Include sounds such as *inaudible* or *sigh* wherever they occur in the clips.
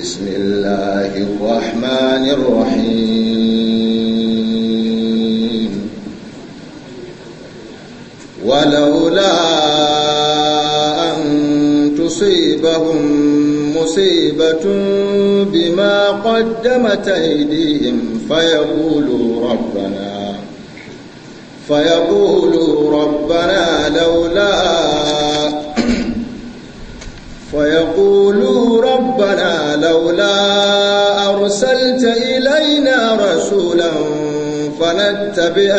بسم الله الرحمن الرحيم ولولا أن تصيبهم مصيبة بما قدمت أيديهم فيقولوا ربنا فيقولوا ربنا لولا *clears throat* فيقولوا ربنا لولا أرسلت إلينا رسولا فنتبع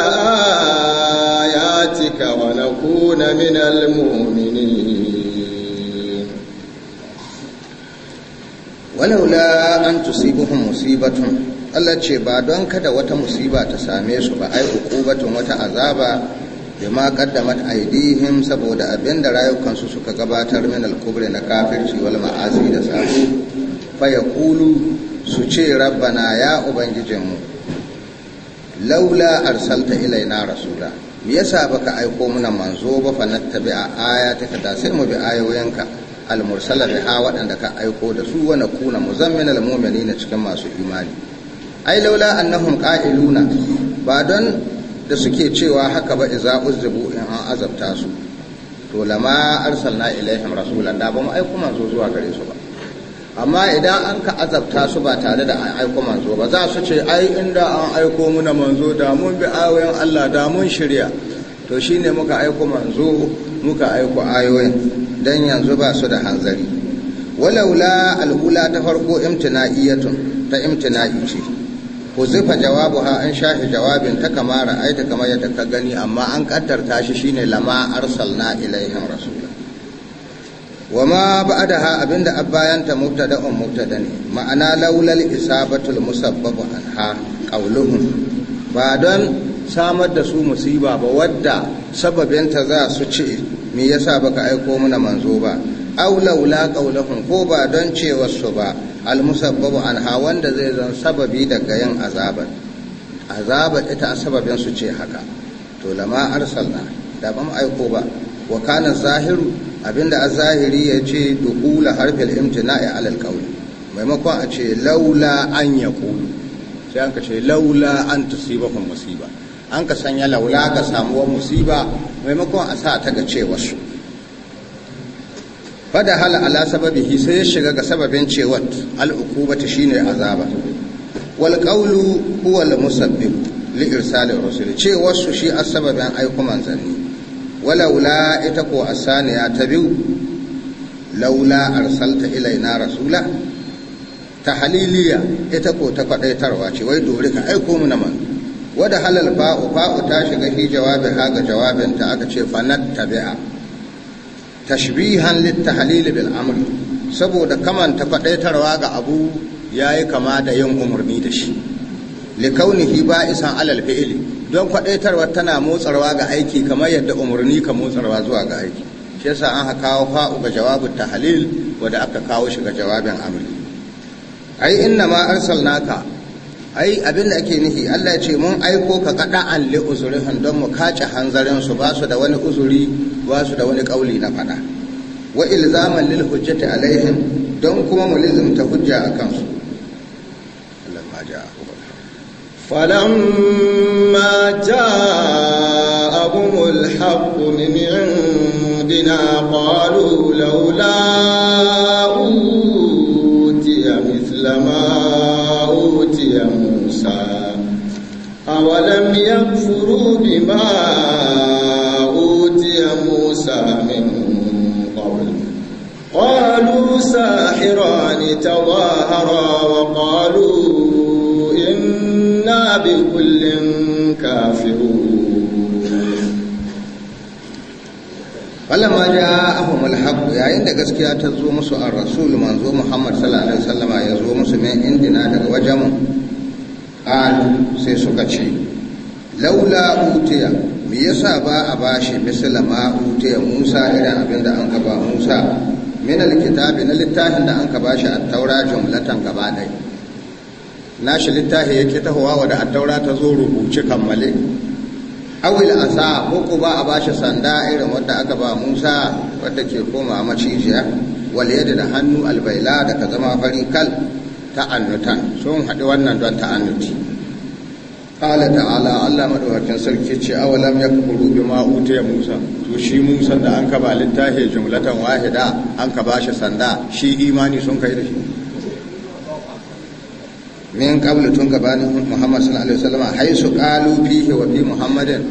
آياتك ونكون من المؤمنين ولولا أن تصيبهم مصيبة Allah ce ba don kada wata musiba ta same su ba ai hukubatun wata azaba bima qaddamat aydihim saboda abin da rayukansu suka gabatar min al-kubri na kafirci wal ma'asi da sabu fa yaqulu su ce rabbana ya mu laula arsalta ilaina rasula me yasa baka aiko muna manzo ba fa nattabi'a ayataka da sai mu bi ayoyinka al-mursala waɗanda ka aiko da su wa nakuna muzamminal mu'minina cikin masu imani ai laula annahum qa'iluna ba don da suke cewa haka ba iza uzzibu in an azabta su to lama arsalna ilaihim rasulan da ba mu aiko manzo zuwa gare su ba amma idan an ka azabta su ba tare da an aiko manzo ba za su ce ai inda an aiko muna manzo da mun bi ayoyin Allah da mun shirya to shine muka aiko manzo muka aiko ayoyin dan yanzu ba su da hanzari walaula al'ula ta farko imtina'iyatun ta imtina'i ce jawabu ha an shafi jawabin ta kama ra'aita kamar yadda ka gani amma an kaddarta shi shine lama arsalna ilaihim rasula wa ma ba'daha abinda abbayanta mubtada'un mubtada ne ma'ana laulal isabatul musabbabu anha qauluhum ba don samar da su musiba ba wadda sababinta za su ce me yasa baka aiko mana manzo ba aw laula qawluhum ko ba don cewa su ba al musabbabu ha wanda zai zan sababi daga yin azabar azabar ita sababin su ce haka to lama arsalna da ba aiko ba wa kana zahiru abinda azahiri ya ce dukula harfil imtina'i alal qawli maimakon a ce laula an ƙulu sai an ka ce laula an tusibakum musiba an ka sanya laula ka samuwar musiba maimakon a sa ta ga cewa su fada hala ala hi sai shiga ga sababin cewat al'ukubata shine azaba wal qawlu huwa al musabbib li irsal rusul ce wasu shi kuma aiko wala ula ita ko asani ta biyu laula arsalta ilaina rasula ta haliliya ita ko ta kwadaitarwa ce wai dori ka aiko mu na manzo wada halal ba fa'u ta shiga hi jawabin ha ga ta aka ce fanat tabi'a tashbihan littahalili bil amr saboda kamanta faɗaitarwa ga abu yayi kama da yin umarni da shi likaunihi ba'isan alal fi'li don faɗaitarwa tana motsarwa ga aiki kamar yadda umarni ka motsarwa zuwa ga aiki shi yasa an haka kawo fa'u ga jawabin tahlil wanda aka kawo shi ga jawabin amri ai inna ma arsalnaka ai abin da ake nufi Allah ya ce mun aiko ka kada an li uzurihim don mu kace hanzarin su ba su da wani uzuri ba su da wani kauli na fada wa ilzaman lil hujjati alaihim don kuma mu lizumta hujja akan su lamma ja'a falamma abul haqq min indina qalu laula مثلما ما أوتي موسى أولم يكفروا بما أوتي موسى من قبل قالوا ساحران تظاهرا وقالوا إنا بكل كافرون falama ja ahum alhaq yayin da gaskiya ta zo musu a rasul manzo muhammad sallallahu alaihi wasallam ya zo musu min indina daga wajen mu qalu sai suka ce laula utiya me yasa ba a bashi misala ma utiya musa idan abin da an gaba musa min alkitabi na littafin da an gaba shi at-taura jumlatan gaba dai. Na shi littafi yake tahowa wa da at-taura ta zo rubuce kammale awil asa ko ko ba a bashi sanda irin wadda aka ba Musa wadda ke koma macijiya wal yada da hannu albaila da ka zama fari kal ta ta'annutan sun haɗi wannan don ta annuti qala ta'ala Allah madawakin sarki ce awalam bi ma utiya Musa to shi Musa da an ka ba littafin jumlatan wahida an ka bashi sanda shi imani sun kai da shi min qablu tun gabanin Muhammad sallallahu alaihi wasallam haisu qalu fihi wa fi Muhammadin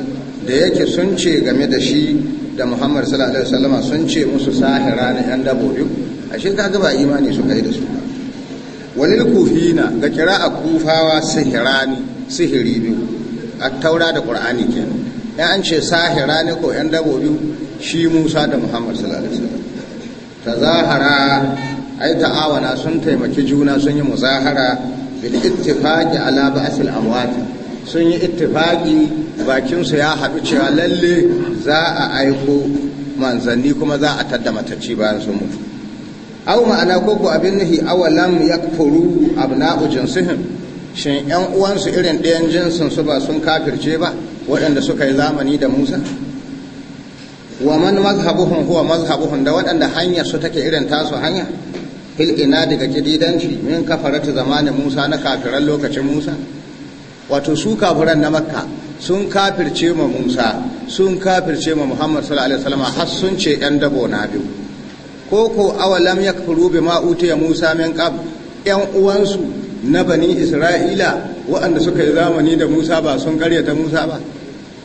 da yake sun ce game da shi da Muhammad sallallahu alaihi wasallam sun ce musu sahira ne yan dabobi ashe kaga ba imani su yi da su walil kufina ga kira'a kufawa sahirani sihiri biyu at-taura da qur'ani kenan ya an ce ne ko yan dabobi shi Musa da Muhammad sallallahu alaihi wasallam tazahara ai ta'awana sun taimaki juna sun yi muzahara bil ittifaqi ala al amwati sun yi ittifaqi bakin su ya haɗu cewa lalle za a aiko manzanni kuma za a tadda matacci bayan sun mutu aw ma'ana ko ko abin nahi aw lam yakfuru abna'u jinsihim shin yan uwansu irin ɗayan jinsin su ba sun kafirce ba waɗanda suka yi zamani da Musa wa man mazhabuhum huwa mazhabuhum da waɗanda hanyar su take irin tasu hanya fil ina daga kididanci min kafaratu zamanin Musa na kafiran lokacin Musa wato su kafiran na Makka sun kafirce ma Musa sun kafirce ma Muhammad sallallahu alaihi wasallam har sun ce ɗan dabo na biyu ko ko awalam yakfuru bima utiya Musa min qab yan uwansu na bani Isra'ila waɗanda suka yi zamani da Musa ba sun karyata Musa ba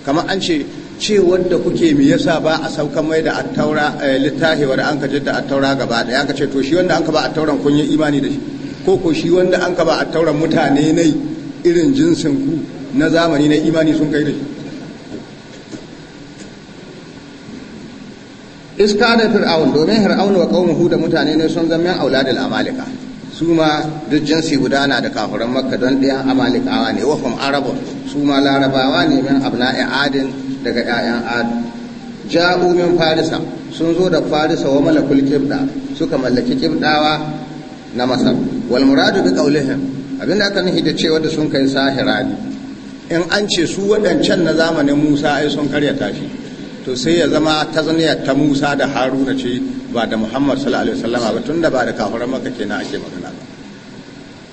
kamar an ce ce wanda kuke me yasa ba a sauka mai da attaura eh, littafi wanda an ka da attaura gaba daya ka ce to shi wanda an ka ba attauran kun yi imani da shi ko ko shi wanda an ka ba attauran mutane ne irin jinsin ku na zamani na imani sun kai da shi iska da fir'aun domin fir'aun wa hu da mutane ne sun zama auladul amalika su ma duk jinsi guda na da kafiran makka don ɗayan amalikawa ne wahum arabun su ma larabawa ne min abna'i adin daga 'ya'yan adu ja'u min farisa sun zo da farisa wa malakul kibda suka mallaki kibdawa na masar wal muradu bi qawlihim abinda aka nufi da cewa da sun kai sahira ne in an ce su waɗancan na zamanin Musa ai sun karya tashi to sai ya zama tazniya ta Musa da Haruna ce ba da Muhammad sallallahu alaihi wasallama ba tunda ba da kafiran Makka kenan ake magana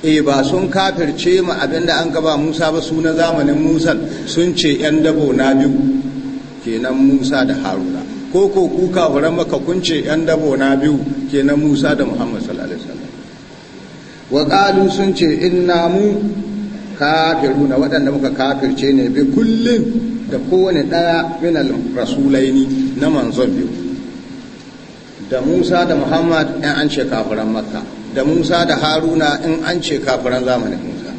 E ba sun kafirce mu abinda an gaba Musa ba su na zamanin Musa sun ce yan dabo na biyu kenan Musa da Haruna ko ko kuka kafiran maka kun ce yan dabo na biyu kenan Musa da Muhammad sallallahu alaihi wasallam wa sun ce inna mu kafiruna waɗanda muka kafirce ne bi kullum da kowane ɗaya minal rasulaini na manzon biyu da Musa da Muhammad ɗan an ce kafiran makka da musa da haruna in an ce kafiran zamanin musa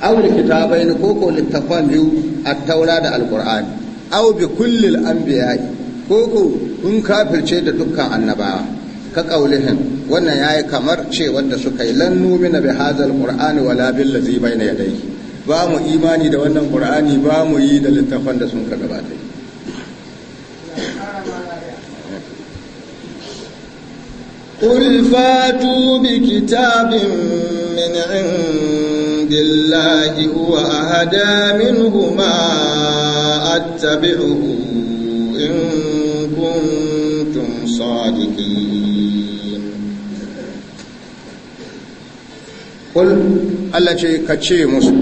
aw da kitabai ne ko ko littafan biyu a taura da alkur'ani aw bi kullil anbiya'i ko ko in kafirce da dukkan annabawa ka kaulihin wannan yayi kamar ce wanda suka yi lan numina bi hadzal qur'ani wala bil ladzi bayna yadayhi ba mu imani da wannan qur'ani ba mu yi da littafan da sun ka gabata قل فاتوا بكتاب من عند الله هو أهدى منهما أتبعه إن كنتم صادقين قل Allah ce ka ce musu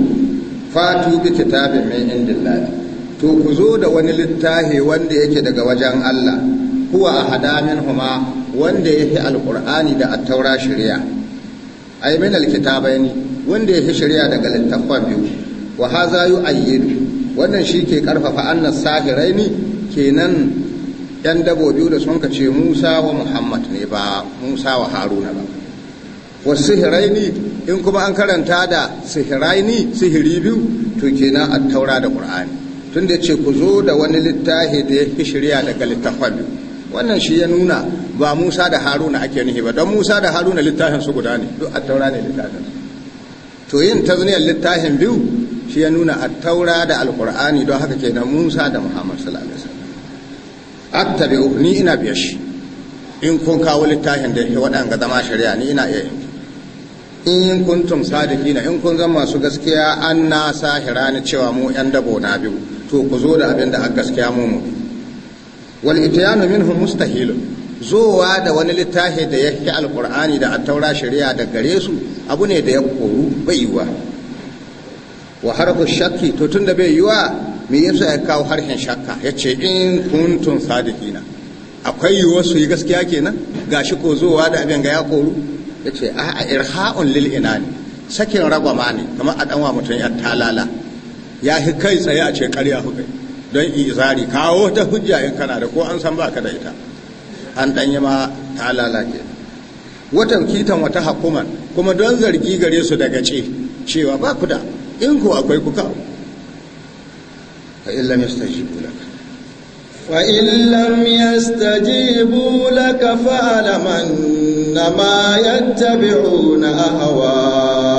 fatu bi kitabin min indillahi to ku zo da wani littafi wanda yake daga wajen Allah kuwa a hada min huma wanda ya fi alƙur'ani da attaura shari'a ai min alkitabaini wanda ya fi shari'a daga littafan biyu wa haza ayyidu wannan shi ke karfafa annas sagiraini kenan yan dabo da sun kace Musa wa Muhammad ne ba Musa wa Haruna ba wa sihiraini in kuma an karanta da sihiraini sihiri biyu to kenan attaura da Qur'ani tunda ce ku zo da wani littafi da ya fi shari'a daga littafan biyu wannan shi ya nuna ba musa da haruna ake nuhi ba don musa da haruna littafin su guda ne duk taura ne littafin to yin tazniyar littafin biyu shi ya nuna a taura da alkur'ani don haka ke na musa da muhammad salamis alaihi wasallam ni ina biya shi in kun kawo littafin da waɗanga zama shari'a ni ina iya in kuntum sadiki na in kun zama masu gaskiya an na sahira ni cewa mu yan dabo na biyu to ku zo da abin da a gaskiya mu mu wal ityanu minhu mustahil zowa da wani littafi da yake alqur'ani da attaura shari'a da gare su abu ne da ya koru bai yi wa harfu shakki to tunda bai yiwa me yasa ya kawo harshen shakka yace in kuntun sadiqina akwai yiwuwar su yi gaskiya kenan gashi ko zuwa da abin ga ya koru yace a irha'un lil inani sakin ragwama ne kamar a danwa mutum ya talala ya hi kai tsaye a ce karya hukai don izari kawo ta hujja in kana da ko an san baka da ita an yi ma ta lalace watan kitan wata hakuman kuma don zargi gare su daga ce cewa ba ku da in ku akwai ku kawo fa illam yastajibu lak fa illam yastajibu lak fa yadda annama yattabi'una hawa.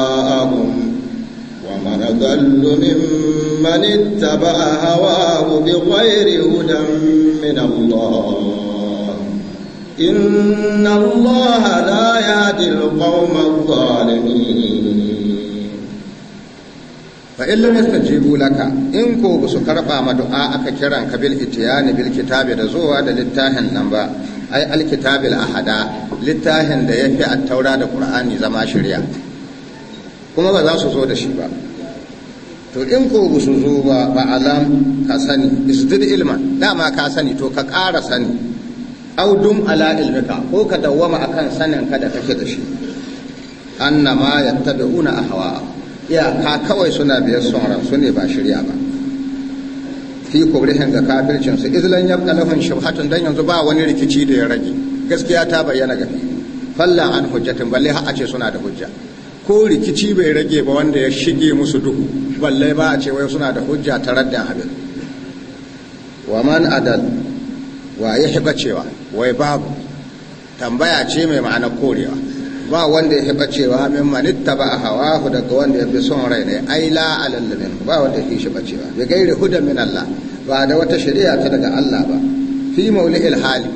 أضل ممن اتبع هواه بغير هدى من الله إن الله لا يهدي القوم الظالمين fa in lam yastajibu laka in ko ba su karba ma aka kiran ka bil itiyani bil kitabi da zowa da littafin nan ba ai alkitabil kitabil ahada littafin da yafi at-taura da qur'ani zama shirya. kuma ba za su zo da shi ba to in ko ba su zo ba ba alam ka sani isdid ilma dama ka sani to ka ƙara sani audum ala ilmika ko ka dawwama akan sanin ka da kake da shi annama yattabi'una ahwa ya ka kawai suna biyar sauran su ne ba shirya ba fi kubrihin ga kafircin su izlan yabqa lahum shubhatun dan yanzu ba wani rikici da ya rage gaskiya ta bayyana ga falla an hujjatin balle har a ce suna da hujja ko rikici bai rage ba wanda ya shige musu duhu balle ba a ce wai suna da hujja ta radda abin wa man adal wa ya hiba cewa wai babu tambaya ce mai ma'ana korewa ba wanda ya hiba cewa min manitta ba a hawa ku daga wanda ya fi son rai ne ai la alallamin ba wanda ya fi shi cewa bi gairi huda min Allah ba da wata shari'a ta daga Allah ba fi mauli'il hali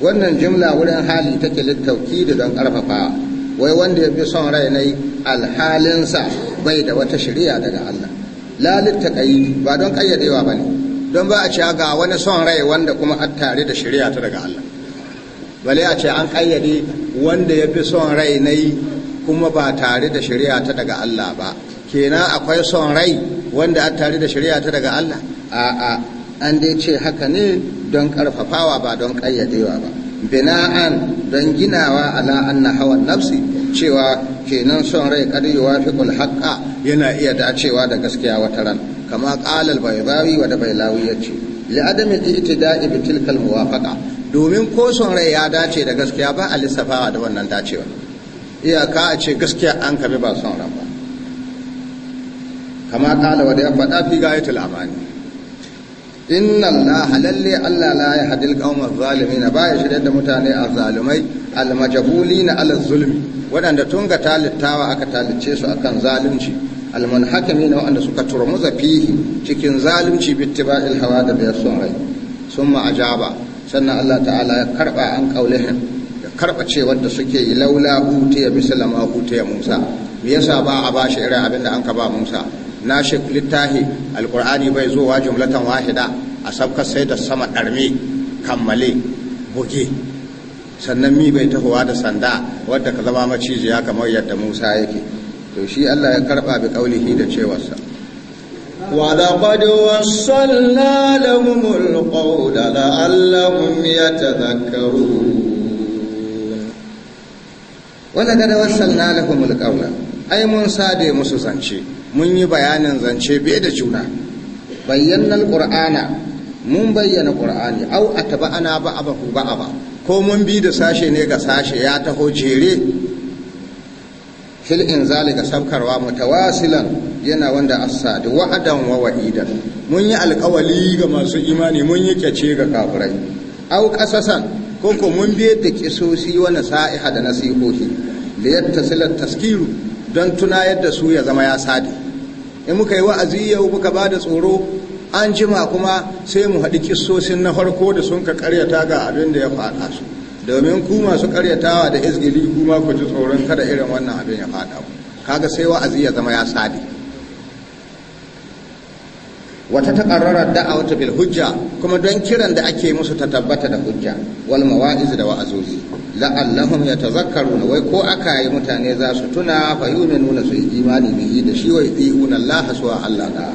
wannan jimla wurin hali take littauki da don karfafawa wai wanda ya fi son rai na yi alhalinsa bai da wata shari'a daga Allah lalit kayi ba don kayyadewa ne. don ba a ce ga wani son rai wanda kuma a tare da shari'a ta daga Allah bale a ce an kayyade wanda ya fi son rai na yi kuma ba tare da shari'a ta daga Allah ba kenan akwai son rai wanda a tare da shari'a ta daga Allah a'a an dai ce haka ne don karfafawa ba don kayyadewa ba bina'an don ginawa ala anna hawan nafsi cewa kenan son rai kad wafi haqqa yana iya dacewa da gaskiya wata ran kama qala bai baydawi wa da baylawi yace li adami ittida'i bi tilkal muwafaqa domin ko son rai ya dace da gaskiya ba a lissafawa da wannan dacewa iyaka a ce gaskiya an kabe ba son ran ba kama qala wa da ya faɗa fi gayatul amani inna allaha lalle allah la ya hadil qaumaz zalimin ba ya shirye da mutane al almajabulina ala zulmi waɗanda tunga ga talittawa aka talice su akan zalunci al-mana na waɗanda suka turmuza fihi cikin zalunci bittiba'il hawa da biyar son rai summa ajaba sannan allah ta'ala ya karba an qaulihim ya karba ce wanda suke yi laula hutiya misalama hutiya musa me yasa ba a bashi irin abin da an ka ba musa na littahi alkur'ani bai zuwa jumlatan wahida a sabka sai da sama ɗarme kammale buge sannan mi bai tahowa da sanda wadda ka zama macijiya kamar yadda musa yake to shi allah ya karba bi kaulihi da cewarsa ولقد وصلنا لهم القول لعلهم يتذكرون ولقد وصلنا لهم القول ai mun sade musu zance mun yi bayanin zance bai da juna bayyana alqur'ana mun bayyana qur'ani au ana ba abahu ba aba ko mun bi da sashe ne ga sashe ya taho jere fil inzali ga sabkarwa mutawasilan yana wanda asadi wa'adan wa wa'idan mun yi alkawali ga masu imani mun yi kyace ga kafirai au kasasan ko ko mun bi da kisosi wani sa'iha da nasihohi da yattasila taskiru don tuna yadda su ya zama ya sadi in muka yi wa'azi yau muka ba da tsoro an jima kuma sai mu haɗi kissosin na farko da sun ka karyata ga abin da ya faɗa su domin ku masu karyatawa da izgili kuma ku ji tsoron kada irin wannan abin ya faɗa ku kaga sai wa'azi ya zama ya sadi wata taƙarrarar da'a wata hujja kuma don kiran da ake musu ta tabbata da hujja wal mawa'iz da wa'azozi la'allahum yatazakkaruna wai ko aka yi mutane za su tuna fa yu'minuna su imani bihi da shi wa yuti'una Allah suwa Allah da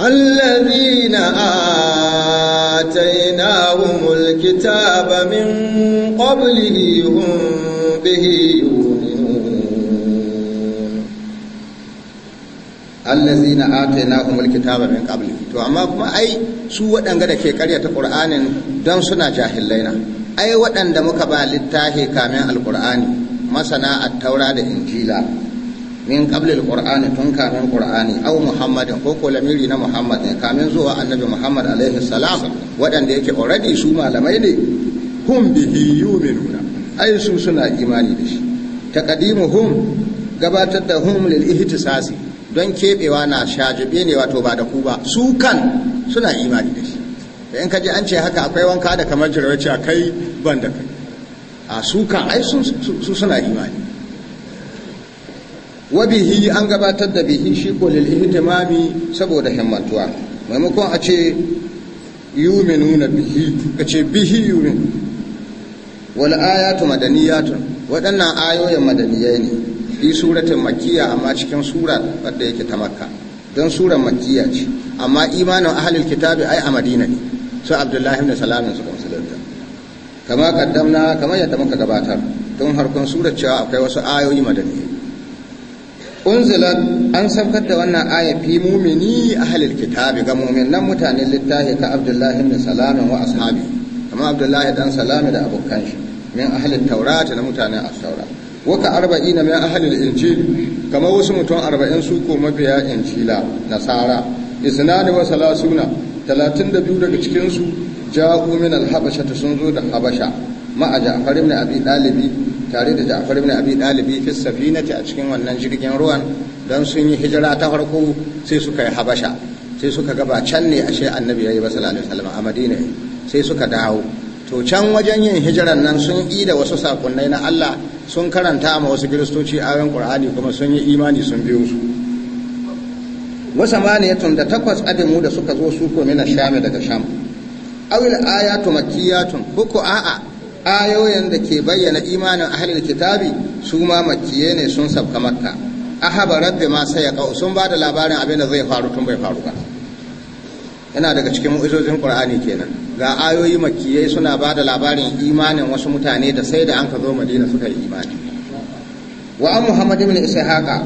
الذين آتيناهم الكتاب من قبله هم به يؤمنون الذين آتيناهم الكتاب min to amma kuma ai su waɗanga da ke karyata ƙur'anin don suna jahillai na ai waɗanda muka ba littafi kamin alƙur'ani masana taura da injila min ƙabli alƙur'ani tun kamin ƙur'ani au muhammadin ko ko lamiri na Muhammadin, kamin zuwa annabi muhammad alaihi salam waɗanda yake already su malamai ne hum bihi yu'minuna ai su suna imani da shi taqdimuhum gabatar da hum lil ihtisasi don keɓewa na shajibe ne wato ba da ku ba su kan suna imani da shi da in kaji an ce haka akwai wanka da kamar jirwaci a kai ban da kai a su kan ai su suna imani wa bihi an gabatar da bihi shi ko lil ihtimami saboda himmatuwa. maimakon a ce yuminuna bihi ka ce bihi yumin wal ayatu madaniyatun waɗannan ayoyin madaniyai ne fi suratin Makiya amma cikin sura wadda yake ta makka don suran Makiya ce amma imanin ahalil kitabi ai a madina ne su abdullahi ibn salamin suka musulunta kama kaddamna kamar yadda muka gabatar tun harkon surar cewa akwai wasu ayoyi madani unzilat an sabkar da wannan aya fi mumini ahalil kitabi ga muminan mutanen littafi ka abdullahi ibn salamin wa ashabi kama abdullahi dan salami da abokan shi min ahalil taurata na mutanen as-taurata waka arba'in mayan ahalin injil kamar wasu mutum arba'in su ko mabiya injila nasara isnani wasu lasuna. talatin da biyu daga cikinsu ja'u min alhabasha ta sun zo da habasha ma'a ja'far ibn abi dalibi tare da ja'far ibn abi dalibi fi safinati a cikin wannan jirgin ruwan don sun yi hijira ta farko sai suka yi habasha sai suka gaba can ne ashe annabi yi sallallahu alaihi wasallam a madina sai suka dawo to can wajen yin hijiran nan sun ida wasu sakunnai na Allah sun karanta ma wasu kiristoci ayon ƙur'ani kuma sun yi imani sun biyo su tun da takwas adamu da suka zo su ko mina shame daga sham awil ayatu makkiyatun buku a'a ayoyin da ke bayyana imanin ahlul kitabi su ma makiye ne sun sabka makka ahaba rabbi ma sai ya sun ba da labarin abin da zai faru tun bai faru ba yana daga cikin mu'izozin qur'ani kenan ga ayoyi makiyai suna ba da labarin imanin wasu mutane da sai da an ka zo madina suka yi imani wa an muhammad ibn ishaqa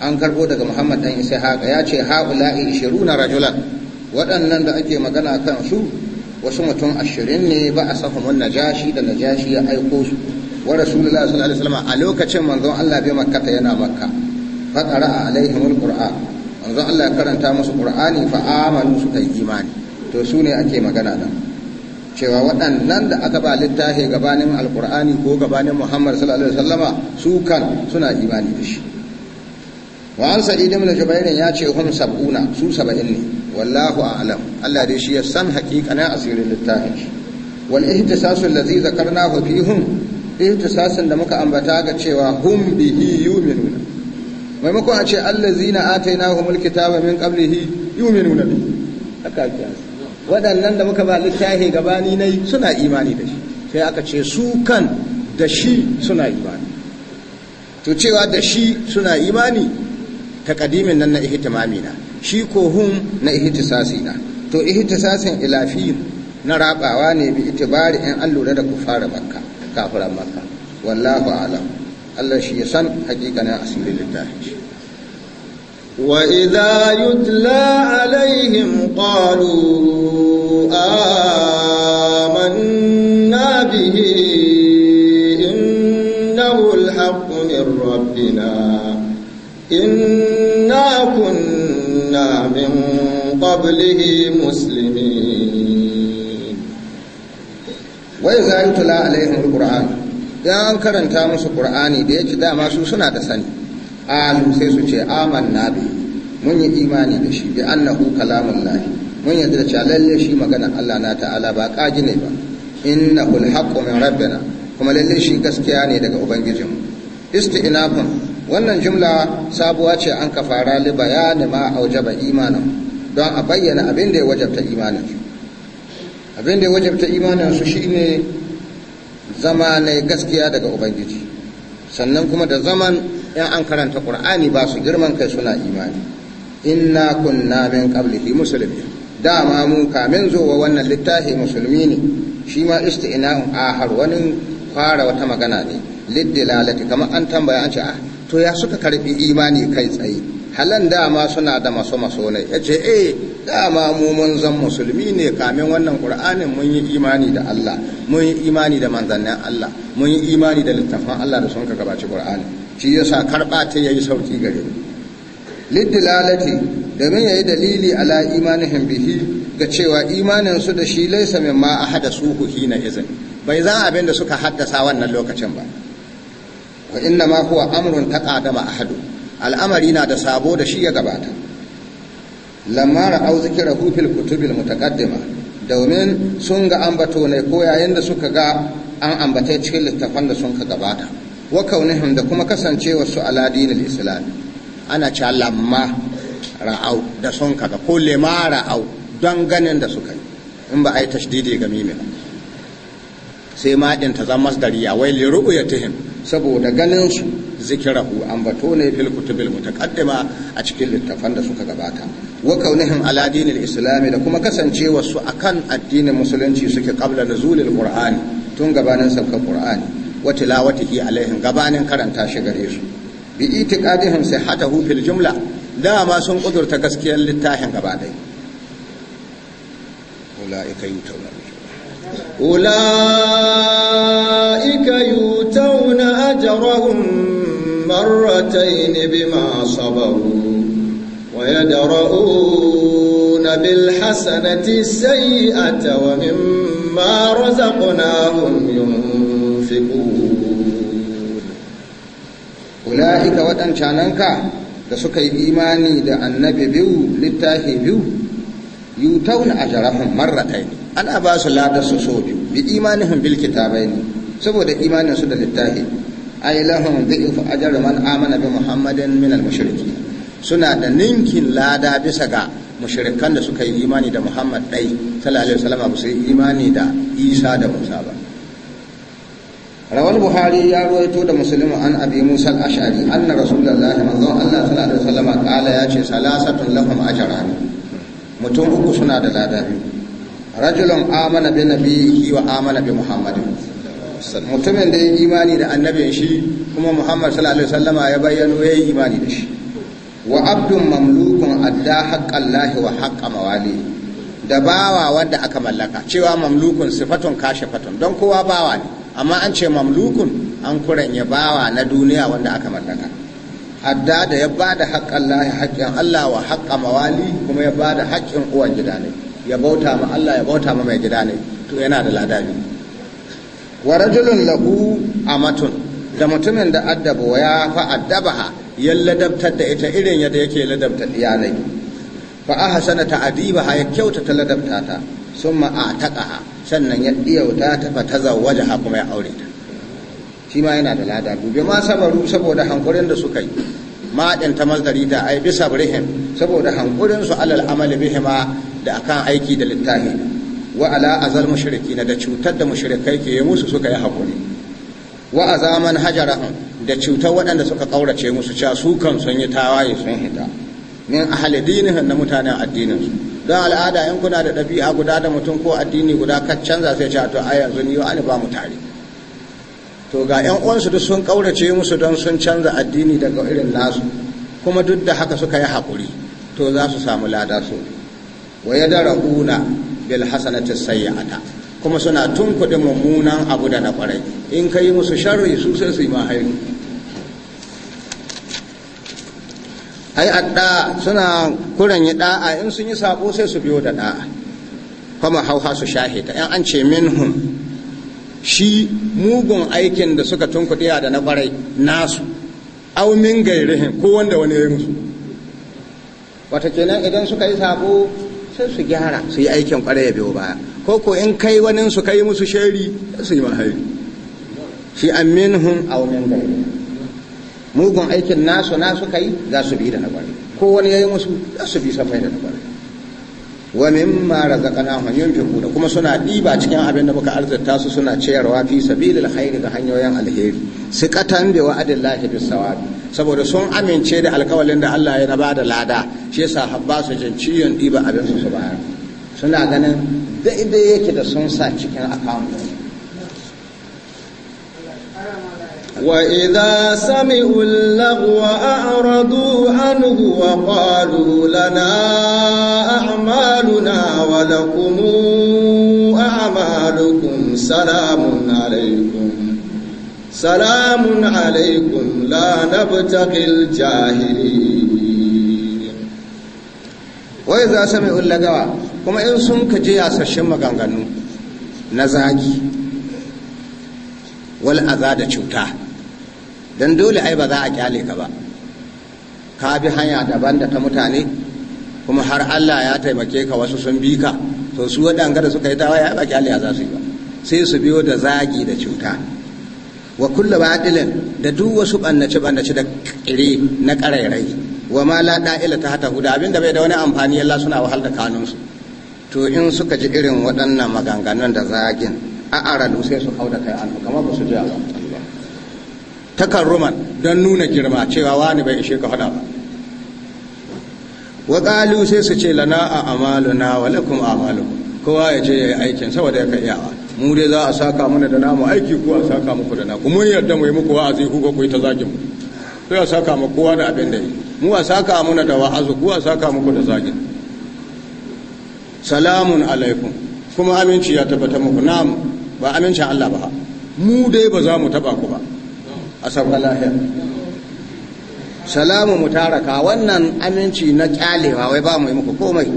an karbo daga muhammad dan ishaqa ya ce haula'i na rajulan waɗannan da ake magana kan su wasu mutum ashirin ne ba a mun najashi da najashi ya aiko su wa rasulullahi sallallahu alaihi wasallam a lokacin manzon Allah bai makka yana makka fa qara'a alaihimul qur'an manzon Allah ya karanta musu Qur'ani fa amanu suka yi imani to su ne ake magana nan cewa waɗannan da aka ba littafi gabanin Alƙur'ani ko gabanin muhammad sallallahu alaihi wasallama su kan suna imani da shi wa an sa'id ibn ya ce hum sab'una su saba'in ne wallahu a'lam Allah dai shi ya san haƙiƙanin asirin littafi wal ihtisasu allazi zakarnahu fihum ihtisasin da muka ambata ga cewa hum bihi yu'minuna maimakon a ce allazina atainahumul kitaba min qablihi nuna bi Aka ake waɗannan da muka ba littafi gabani nai suna imani da shi sai aka ce su kan da shi suna imani to cewa da shi suna imani ta takadimin nan na ihtimami na shi kohun na ihtisasi na to ihtisasin ilafiyin na rabawa ne bi itibari in an lura da kufara makka kafiran makka wallahu a'lam الله شيء سن san hakikanin asirin وإذا يتلى عليهم قالوا آمنا به إنه الحق من ربنا إنا كنا من قبله مسلمين وإذا يتلى عليهم القرآن Idan an karanta musu qur'ani da ci dama su suna da sani su sai su ce amanna bi mun yi imani da shi bi annahu kalamullahi mun yarda da lalle shi magana Allah na ta'ala ba kaji ne ba innahu alhaqqu min rabbina kuma lalle shi gaskiya ne daga ubangijinmu isti'nafun wannan jumla sabuwa ce an kafara li bayani ma aujaba imanan don a bayyana abin da ya wajabta imanin abin da ya wajabta imanin su shine zama na gaskiya daga ubangiji sannan kuma da zaman 'yan an karanta ƙur'ani ba su girman kai suna imani inna kunna min qablihi muslimin dama mu kamin zo wa wannan littafi musulmi ne shi ma isti'na'un ahar wani fara wata magana ne liddilalati kamar an tambaya an ce ah to ya suka karfi imani kai tsaye halan dama suna da maso maso ne ya ce eh dama mu mun zan musulmi ne kamin wannan qur'anin mun yi imani da Allah mun yi imani da manzannin Allah mun yi imani da littafin Allah da sun ka gabaci qur'ani shi yasa karba ta yayi sauki gare mu da domin yayi dalili ala imanihim bihi ga cewa imanin su da shi laysa mimma ahada suhu hina izin bai zan abin da suka haddasa wannan lokacin ba wa inna ma huwa amrun taqadama ahadu al'amari na da sabo da shi ya gabata lamma ra'au hu fil kutubil mutaqaddima domin sun ga ambato ne ko yayin da suka ga an ambata cikin littafan da sun ka gabata wa kaunihim da kuma kasancewa su ala dinil islam ana cewa lamma ra'au da sun ga ko lema ra'au don ganin da suka yi in ba a yi tashdidi ga mimina sai ma din ta zama masdariya wai li ru'yatihim saboda ganin su zikirahu ambato ne fil kutubil mutaqaddima a cikin littafan da suka gabata wa kaunihim ala dinil islami da kuma kasancewa su akan addinin musulunci suke qabla nuzulil qur'ani tun gabanin saukar qur'ani wa tilawatihi alaihim gabanin karanta shi gare su bi itiqadihim sihhatahu fil jumla dama sun kudurta gaskiyar littafin gabaɗaya ulaika yutawna أولئك يؤتون أجرهم مرتين بما صبروا ويدرؤون بالحسنة السيئة ومما رزقناهم ينفقون أولئك وتنشانك da suka yi imani da annabi biyu littafi biyu yutawun ajarahun marratai ne ana ba su ladar su so biyu bi imanihim bil kitabaini saboda imanin su da littafi ay lahum dhi'fu ajr man amana bi muhammadin min al mushrikin suna da ninkin lada bisa ga mushrikan da suka yi imani da muhammad dai sallallahu alaihi wasallam ba su yi imani da isa da musa ba rawal buhari ya ruwaito da muslimu an abi musa al-ash'ari anna rasulullahi manzon allah sallallahu alaihi wasallam qala ya ce salasatun lahum ajran mutum uku suna da lada biyu rajulun amana bi nabiyyi wa amana bi muhammadin mutumin da ya imani da annabin shi kuma muhammad sallallahu alaihi wasallama ya bayyano ya yi imani da shi wa abdun mamlukun adda haqqallahi wa haƙƙa mawali da bawa wanda aka mallaka cewa mamlukun sifatun kashe fatun don kowa bawa ne amma an ce mamlukun an kuranya bawa na duniya wanda aka mallaka adda da ya bada haƙƙallahi haƙƙin Allah wa haƙƙa mawali kuma ya bada haƙƙin uwan gida ne ya bauta ma Allah ya bauta ma mai gida ne to yana da lada ne. wa rajulun lahu amatun da mutumin da addaba wa ya fa addabaha ya ladabtar da ita irin yadda yake ladabta iyalai fa ahsana ta'dibaha ya ta ladabta ta summa ataqaha sannan ya diyauta ta fa ha, kuma ya aure ta shi ma yana da lada Gobe ma sabaru saboda hankurin da suka yi maɗin ta mazdari da ai bisa birhim saboda hankurin su alal amali bihima da akan aiki da littafi wa ala azal na da cutar da mushrikai ke yi musu suka yi hakuri wa azaman hajara da cutar waɗanda suka kaurace musu cewa su kan sun yi tawaye sun hita min ahli dinihin na mutanen addinin su don al'ada in kuna da ɗabi'a guda da mutum ko addini guda kan canza sai ce to a yanzu ni wani ba mu tare to ga yan uwansu duk sun kaurace musu don sun canza addini daga irin nasu kuma duk da haka suka yi hakuri, to za su samu lada su. wa una bil hasanati sayyi'ata kuma suna tunkuɗe mummunan abu da na ƙwarai in ka yi musu sharri su sai su yi mahaifi ai ai adda suna kuran yi da'a in sun yi sabo sai su biyo da da'a kuma hauha su shahita in an ce minhum shi mugun aikin da suka tunkuɗe da na ƙwarai nasu au min gairihin ko wani ya musu wata kenan idan suka yi sabo sai su gyara su yi aikin kwarai ya biyo baya ko ko in kai wani su kai musu shari su yi mahari shi aminhum aw min gari mugun aikin nasu nasu kai za su bi da na kwarai ko wani ya yi musu za su bi safai da na kwarai wa mimma razaqnahum da kuma suna diba cikin abin da muka arzata su suna ciyarwa fi sabilil khairi ga hanyoyin alheri su katan bi wa'adillahi bis sawabi saboda sun amince da alkawalin da Allah ya ba da lada shi yasa habba su jin ciyon ɗiba abin su bayar suna ganin daidai yake da sun sa cikin account وإذا سمعوا اللغو أعرضوا عنه وقالوا لنا أعمالنا ولكم أعمالكم سلام عليكم salamun alaikum la nabtaqil jahilin wai za su mai ullagawa kuma in sun kaje yasashen maganganu na zagi wal aza da cuta don dole ai ba za a kyale ka ba ka bi hanya daban da ta mutane kuma har Allah ya taimake ka wasu sun bi ka to su waɗanga da suka yi tawaye ba kyale za su yi ba sai su biyo da zagi da cuta wa kulla batilin da duk wasu bannace bannace da kire na karairai wa ma la da'ila ta hata huda abinda bai da wani amfani Allah suna wahal da kanunsu to in suka ji irin waɗannan maganganun da zagin a aradu sai su hau da kai an kamar ba su ji ba takarruman don nuna girma cewa wani bai ishe ka hada ba wa sai su ce lana a amaluna wa lakum amalukum kowa ya je ya yi aikin saboda ya kai iyawa mu dai za a saka mana da namu aiki ko a saka muku da naku mun yarda mu yi muku wa'azi ku ku yi ta zagin mu sai a saka mu kowa da abin da yi mu a saka mana da wa'azi ku a saka muku da zagin salamun alaikum kuma aminci ya tabbata muku na'am ba amincin Allah ba mu dai ba za mu taba ku ba a sabon lahiya. salamu mutaraka wannan aminci na kyalewa wai ba mu yi muku komai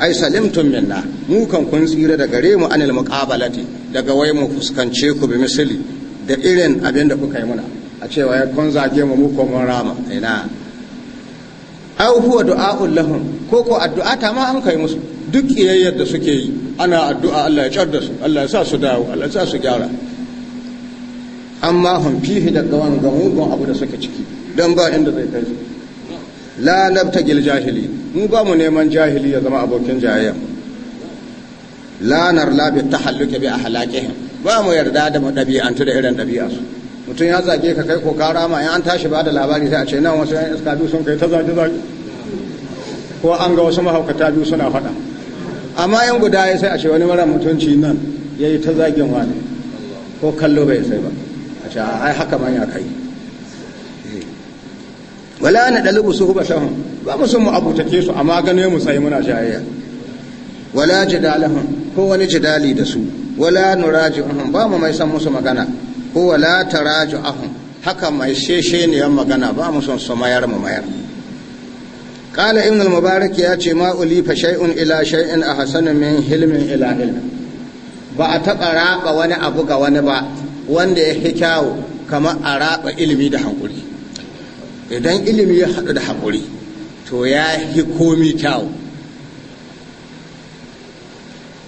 ai salimtum minna mu kan kun tsira da gare mu anil muqabalati daga wai mu fuskance ku bi misali da irin abin da kuka yi muna a cewa ya kun zage mu mu ko mun rama ina au huwa du'a'ul lahum ko ko addu'a ta ma an kai musu duk kiyayyar da suke yi ana addu'a Allah ya tsar da su Allah ya sa su dawo Allah ya sa su gyara amma hum fihi daga wannan mugun abu da suke ciki dan ba inda zai kai su la nabtagil jahili mu ba mu neman jahili ya zama abokin jayayya la narla bi tahalluki bi ahlakihim ba mu yarda da mu dabi'antu da irin dabi'a su mutum ya zage ka kai ko ka rama in an tashi ba da labari sai a ce nan wasu yan iska biyu sun kai ta zage zage ko an ga wasu mahaukata biyu suna faɗa amma yan guda ya sai a ce wani mara mutunci nan ya yi ta zagin wani ko kallo bai sai ba a ce ai haka man ya kai wala na dalibu su huba shahun ba mu sun mu abutake su amma gane mu sai muna shayayya wala jidalahum ko wani jidali da su wala nuraji'uhum ba mu mai san musu magana ko wala taraji'uhum haka mai sheshe ne yan magana ba mu son su mayar mu mayar qala ibn al-mubarak ya ce ma fa shay'un ila shay'in ahsanu min hilmin ila ilm ba a taɓa raɓa wani abu ga wani ba wanda ya hikawo kamar a raba ilimi da hankuri idan ilimi ya haɗu da haƙuri to ya yi komi kyau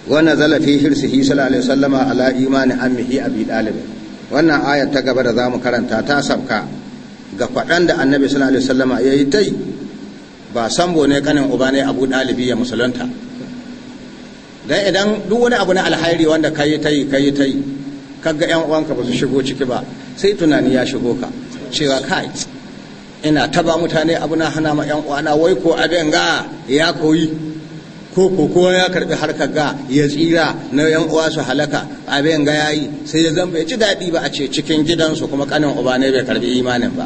wannan zalafi hirsihi sallallahu alaihi sallama ala imani amihi abi dalib wannan ayar ta gaba da zamu karanta ta sabka ga kwaɗan da annabi sallallahu alaihi sallama ya yi tai ba sambo ne kanin uba ne abu dalibi ya musulunta dan idan duk wani abu na alhairi wanda ka yi tai ka yi tai kaga yan uwanka ba su shigo ciki ba sai tunani ya shigo ka cewa kai ina taba mutane abu na hana ma yan uwana wai ko abin ga ya koyi ko ko kowa ya karbi harkar ga ya tsira na yan uwa su halaka abin ga yayi sai ya zan bai ci daɗi ba a ce cikin gidansu kuma kanin uba ne bai karbi imanin ba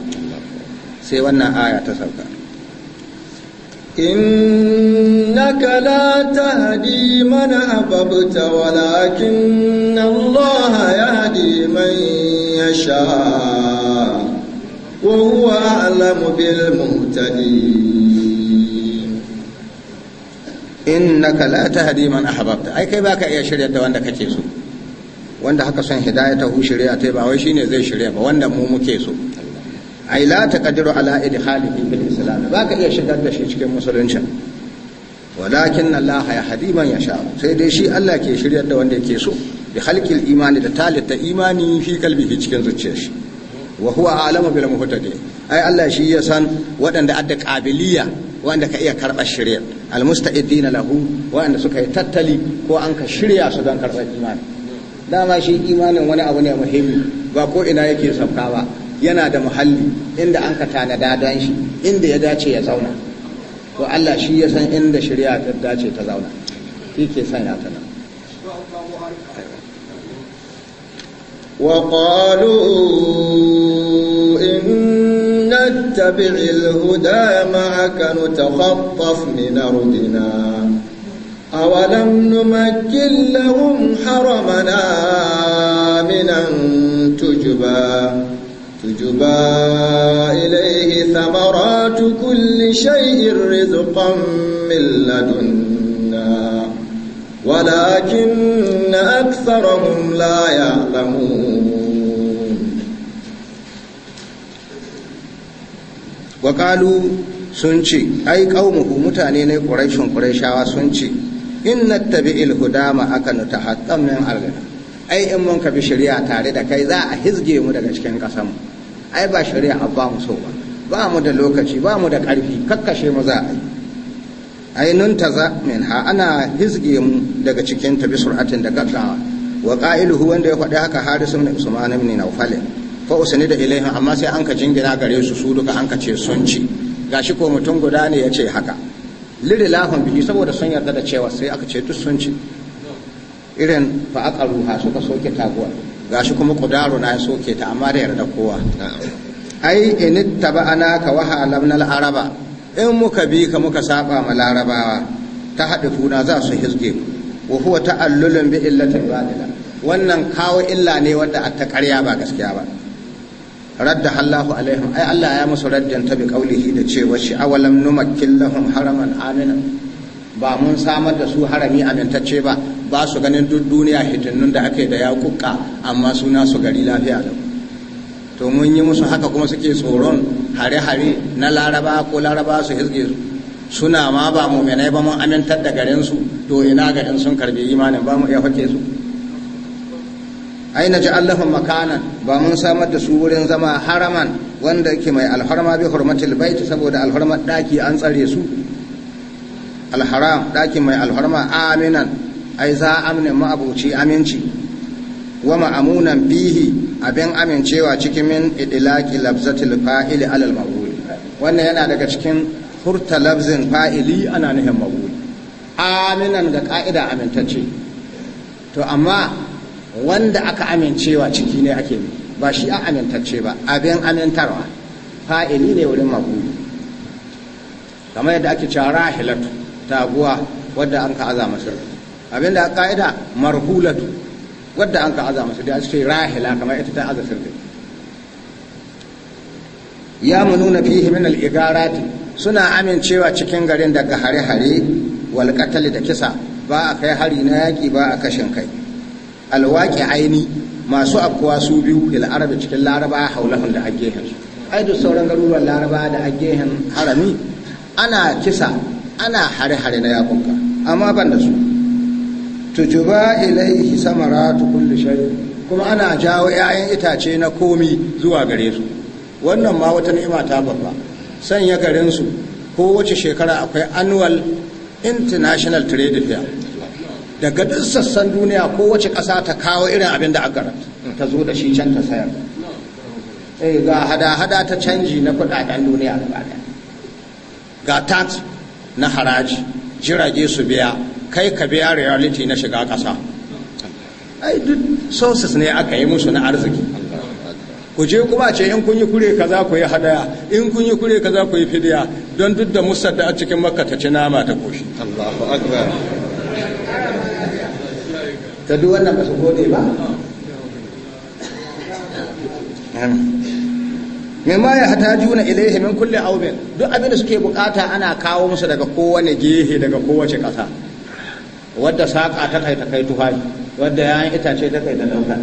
sai wannan aya ta sauka innaka la tahdi man أحببت ولكن الله yahdi man yasha وهو أعلم بالمهتدين إنك لا تهدي من أحببت أي كيف باك يا شريعة وأنت كتيسو wanda haka son hidayata hu shari'a ta ba wai shine zai shari'a ba wanda mu muke so ai la taqdiru ala idkhalihi fil islam ba ka iya shigar da shi cikin musulunci walakin Allah ya hadi man yasha sai dai shi Allah ke shiryar da wanda yake so bi khalqil imani da talita imani fi kalbihi cikin zuciyar shi wa huwa a'lamu bil muhtadi ai Allah shi ya san waɗanda adda qabiliya waɗanda ka iya karɓar shirya al musta'idina lahu waɗanda suka yi tattali ko an ka shirya su don karɓar imani dama shi imanin wani abu ne muhimmi ba ko ina yake sauka ba yana da muhalli inda an ka tanada don shi inda ya dace ya zauna to Allah shi ya san inda shirya ta dace ta zauna shi ke sanya ta nan وقالوا إن نتبع الهدى معك نتخطف من أرضنا أولم نمكن لهم حرمنا آمنا تجبى تجبى إليه ثمرات كل شيء رزقا من لدنا ولكن أكثرهم لا يعلمون وقالوا سنشي أي قومه متانين قريش قريشا وسنشي إن نتبع الهدى ما أكن تحطم من أرغنا أي إن منك بشريعة تاريدا كي ذا أهزجي مدك شكين قسم أي بشريعة أبا مصوبة ba mu da lokaci ba mu da ƙarfi kakkashe mu za a yi ainun min Ha, ana hizge mu daga cikin ta bi sur'atin da gaggawa wa qailuhu wanda ya faɗi haka harisu ibn usman ibn nawfal fa usani da ilaiha, amma sai an ka jingina gare su su duka an ka ce sun ci gashi ko mutum guda ne ya ce haka liri lahun biyu saboda sun yarda da cewa sai aka ce duk sun ci irin fa aqaru ha suka soke taguwa gashi kuma kudaru na ya soke ta amma da yarda kowa ai inittaba anaka ka halamnal araba in muka bi ka muka saba ma larabawa ta haɗu tuna za su hizge mu wa huwa ta'allulun bi illatin badila wannan kawo illa ne wadda a ta karya ba gaskiya ba radda hallahu alaihim ai Allah ya musu raddan ta bi qaulihi da cewa shi awalam numakkil lahum haraman amina ba mun samar da su harami amintacce ba ba su ganin duk duniya hitinnun da ake da yakuka amma suna su gari lafiya lau to mun yi musu haka kuma suke tsoron hare-hare na laraba ko laraba su hizge su suna ma ba muminai ba mun amintar da garin su to ina garin sun karbi imanin ba mu iya hake su aina allahun makanan ba mun samar da su wurin zama haraman wanda ke mai alharma bi hurmatil bait saboda alharmar daki an tsare su alharam ɗakin mai alharma aminan ai za amne ma'abuci aminci wa ma'amunan bihi abin amincewa cikin min idilaki labzatil fa'ili alal maf'ul wannan yana daga cikin furta labzin fa'ili ana nihin maf'ul aminan ga ka'ida amintacce to amma wanda aka amincewa ciki ne ake ba shi a amintacce ba abin amintarwa fa'ili ne wurin maf'ul kamar yadda ake cewa rahilatu taguwa wadda an ka azama sirri abinda ka'ida marhulatu wadda an ka aza masu da ce rahila kamar ita ta aza sirri ya mununa fihi min al-igarati suna amincewa cikin garin daga hare-hare walƙatali da kisa ba a kai hari na yaki ba a kashin kai alwaki aini masu afkuwa su biyu lil cikin laraba haulahun da agehin sauran garuruwan laraba da agehin harami ana kisa ana hare-hare na yakunka amma ban da su tutuba ilaihi samaratu kulli shay kuma ana jawo 'ya'yan itace na komi zuwa gare su wannan ma wata ni'ima ta babba sanya garin su ko wace shekara akwai annual international trade fair daga duk sassan duniya ko wace ƙasa ta kawo irin abin da aka ta zo da shi can ta sayar eh, ga hada-hada ta canji na kudaden duniya gaba ga tax na haraji jirage su biya kai ka biya reality na shiga ƙasa ai duk sources ne aka yi musu na arziki ku je kuma ce in kun yi kure kaza ku yi hadaya in kun yi kure kaza ku yi fidiya don duk da musadda a cikin makka ta ci nama ta koshi ta duk wannan ba su gode ba mai ma ya hata juna ilaihi min kulle aubin duk abin da suke bukata ana kawo musu daga kowane gehe daga kowace kasa wadda saƙa ta kai ta kai tufafi wadda yayin itace ta kai ta ɗauka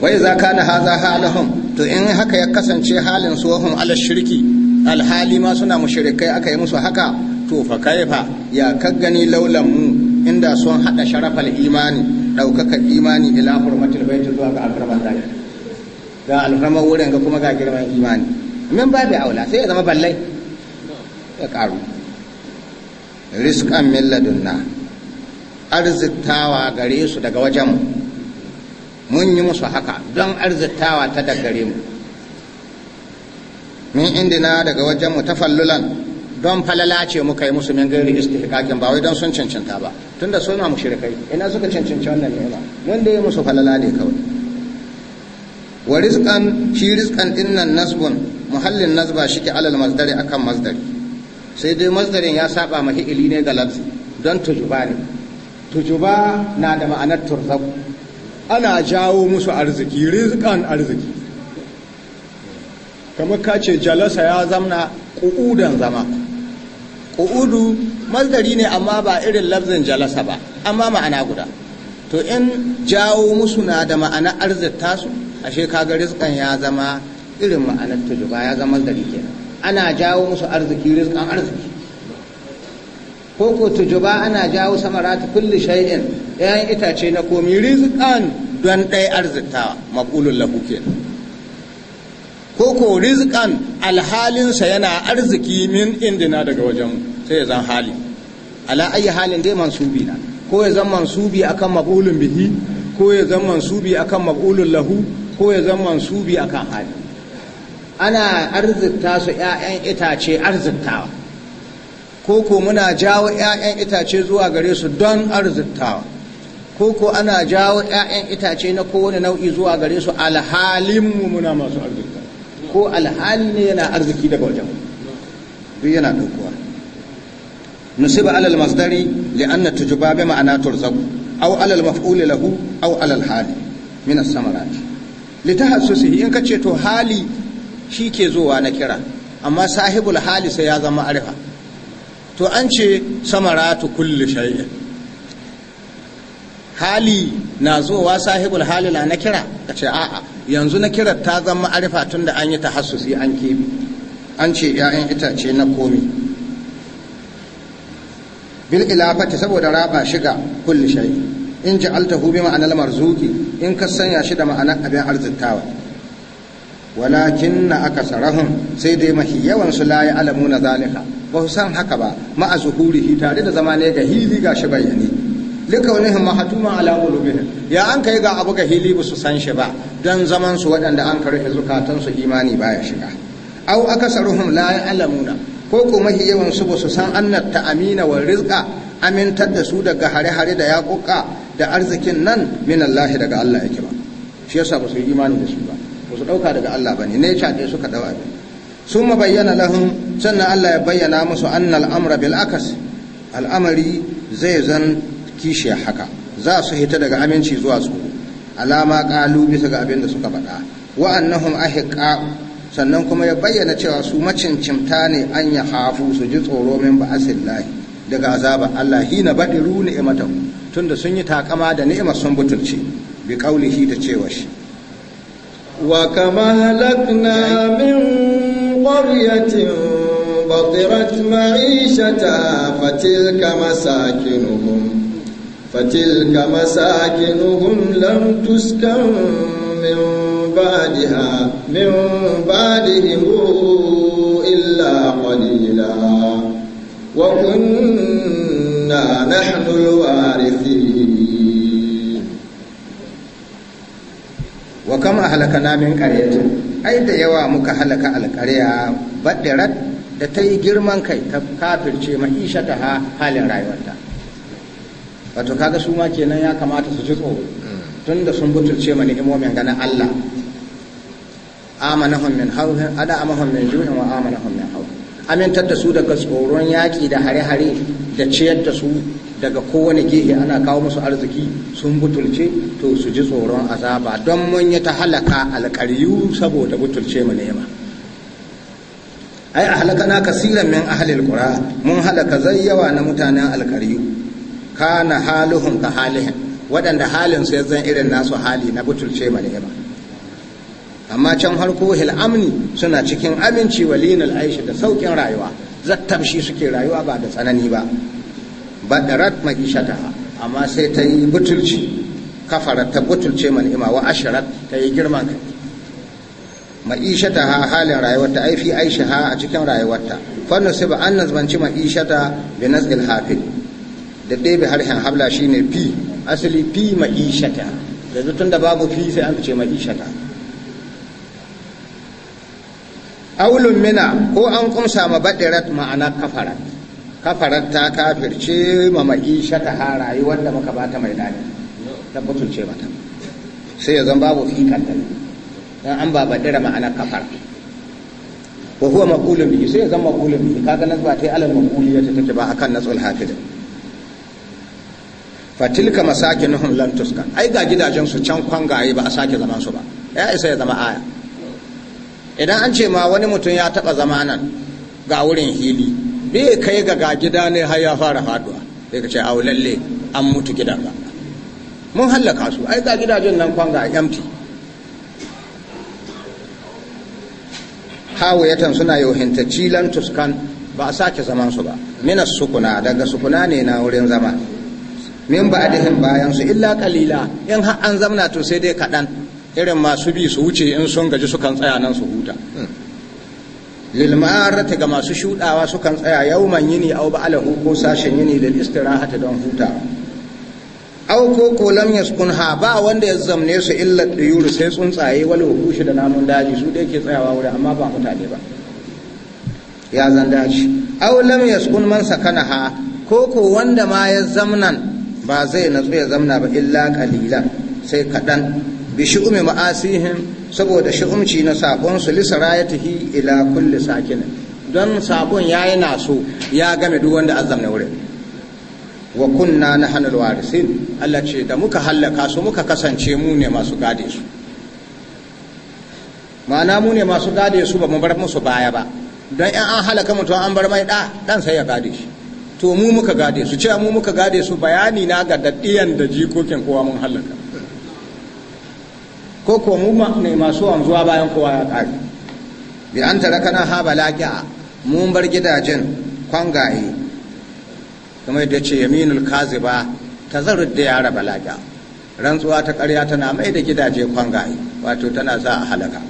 wai za ka na haza halahun to in haka ya kasance halin suwahun ala shirki alhali ma suna mushrikai aka yi musu haka to fa kaifa ya kaggani laulan mu inda sun hada sharafal imani ɗaukaka imani ila hurmatul baiti zuwa ga alfarman daki ga alfarman wurin ga kuma ga girman imani min babu aula sai ya zama ballai ya karu rizqan milladunna arzittawa gare su daga wajen mun yi musu haka don arzittawa ta daga gare mu min indina daga wajen mu fallulan don falala ce mu kai musu min gari istihqaqin ba wai don sun cancanta ba tunda su ma mushrikai ina suka cancanci wannan nema mun da yi musu falala ne kawai wa rizqan shi rizqan dinnan nasbun muhallin nasba ke alal masdari akan masdari sai dai masdarin ya saba ma fi'ili ne ga lafzi don tujuba ne tujuba na da ma'anar turzaku ana jawo musu arziki rizqan arziki kamar ka ce jalasa ya zamna ƙu'udan zama ƙu'udu masdari ne amma ba irin lafzin jalasa ba amma ma'ana guda to in jawo musu na da ma'ana arzikta su ashe kaga rizqan ya zama irin ma'anar tujuba ya zama masdari kenan ana jawo musu arziki rizkan arziki ko ko tujuba ana jawo samaratu kulli shay'in yayin itace na komi rizkan don ɗaya arzitawa maqulul lahu kenan ko ko rizqan alhalinsa yana arziki min indina daga wajen sai ya zan hali ala ayi halin dai mansubi na ko ya zan mansubi akan maqulun bihi ko ya zan mansubi akan maqulul lahu ko ya zan mansubi akan hali ana arzikta su 'ya'yan itace arziktawa ko muna jawo 'ya'yan itace zuwa gare su don arziktawa ko ana jawo 'ya'yan itace na kowane nau'i zuwa gare su alhalinmu muna masu arzikta ko alhali ne yana arziki daga wajen duk yana dokuwa. nusiba alal masdari na tujuba bi ma'ana turzaku aw alal maf'ul lahu aw alal hali min as-samarat litahassusi in kace to hali shi ke zowa na kira amma sahibul hali sai ya zama arfa. to an ce samaratu kulli shay'in hali na zowa sahibul hali na na kira ka ce a'a yanzu na kira ta zama arifa tun da an yi tahassusi an kebi an ce 'ya'yan itace na komi bil ilafati saboda raba shiga kulli shay'in in ja'altahu bi ma'anar marzuki in ka sanya shi da ma'anar abin arzikawa walakin na aka sarahun sai dai mafi yawan su la alamu na zalika ba su san haka ba ma'a zuhurihi tare da zama ne ga hili ga shi bayyane likaunihim mahatuma ala qulubihim ya an kai ga abu ga hili ba su san shi ba dan zaman su waɗanda an karfe zukatan su imani baya shiga au akasaruhum la ya'lamuna ko ko mafi yawan su su san annat ta'amina wa rizqa amintar da daga hare-hare da ya yaƙuƙa da arzikin nan min Allah daga Allah yake ba shi yasa ba su yi imani da su ba ba su ɗauka daga Allah ba ne ne caɗe suka ɗau abin sun bayyana lahun sannan Allah ya bayyana musu annal amra bil akas al'amari zai zan kishi haka za su hita daga aminci zuwa su alama ƙalu bisa ga abin da suka faɗa wa annahum ahiqa sannan kuma ya bayyana cewa su macincimta ne an ya hafu su ji tsoro min ba'asillahi daga azaba Allah hina badiru ni'matahu tunda sun yi takama da ni'imar sun butulce bi qaulihi da cewa shi وكما أهلكنا من قرية بطرت معيشتها فتلك مساكنهم فتلك مساكنهم لم تسكن من بعدها من بعدهم إلا قليلا وكنا نحن الوارثين kama halaka namin ƙaryata ai da yawa muka halaka alƙarya baɗirat da ta yi girman kai ta kafirce ma'isha ta halin rayuwarta wato kaga su ma kenan ya kamata su ji tsoro tun da sun butulce ma ni'imomin ganin Allah amanahum min hawhin ada amahum min ju'in wa amanahum min hawhin amintar da su daga tsoron yaƙi da hare-hare da ciyar da su daga kowane gehe ana kawo musu arziki sun butulce to su ji tsoron azaba don mun yi ta halaka alƙaryu saboda butulce mu nema ai a na kasiran min ahalil qura mun halaka yawa na mutanen alƙaryu kana haluhum ka halihin waɗanda halin su zan irin nasu hali na butulce mu nema amma can harko hil amni suna cikin aminci walinal Aisha da saukin rayuwa zattabshi suke rayuwa ba da tsanani ba badarat maishata amma sai ta yi butulci kafara ta butulce mal'ima wa asharat ta yi girman ma'ishata ha halin rayuwarta ai fi aisha ha a cikin rayuwarta fannu sai ba an nazmanci ma'ishata bi nazil hafi da ɗebe harshen habla shine fi asali fi ma'ishata da tun da babu fi sai an ce ma'ishata aulun mina ko an kumsa ma badirat ma'ana kafarat ta kafirce mamaki ma'ishata ha rayuwar da muka bata mai dadi ta ce mata sai ya zan babu fi kanta dan an ba badira ma'ana kafar wa huwa maqulun bi sai ya zan maqulun bi kaga ba tai alal maquliyata take ba akan nasul fa fatilka masakinuhum lan tuskan ai ga gidajen su can kwangaye ba a sake zaman su ba ya isa ya zama aya idan an ce ma wani mutum ya taba zama nan ga wurin hili bai kai ga ga gida ne har ya fara faduwa sai ka ce a lalle an mutu gidan ba mun hallaka su ai ga gidajen nan kwanga a empty hawayatan suna yohintacci lan tuskan ba a sake zaman su ba minas sukuna daga sukuna ne na wurin zama min ba adihin bayan su illa kalila in har an zamna to sai dai kaɗan irin masu bi su wuce in sun gaji sukan tsaya nan su huta hmm. ta ga masu shudawa kan tsaya yau man yini au ba'alahu ko sashen yini lil istirahata don huta au ko ko lam ha ba wanda ya zamne su illa diyuru sai tsuntsaye wal shi da namun daji su da yake tsayawa wuri amma ba mutane ba ya zan daji au lam yaskun man ha ko ko wanda ma ya zamnan ba zai natsu ya zamna ba illa qalilan sai kadan bi shu'umi ma'asihim saboda shi'umci na sabon su lisara ya tafi ila kulli sakin don sabon ya yi naso ya game duk wanda azam na wurin wa kunna na hannun warisin Allah ce da muka hallaka su muka kasance mu ne masu gade su ma'ana mu ne masu gade su ba mu bar musu baya ba don in an halaka mutum an bar mai da dan sai ya gade shi to mu muka gade su ce mu muka gade su bayani na ga daddiyan da jikokin kowa mun halaka ko kuwa mu ne masu wanzuwa bayan kowa ya kare. bi an tarakana ha balaƙi'a mun bar gidajen kwangaye kamar da ce yaminul kaziba ta zarar da yara balaƙi'a rantsuwa ta ƙarya tana mai da gidaje kwangaye wato tana za a halaka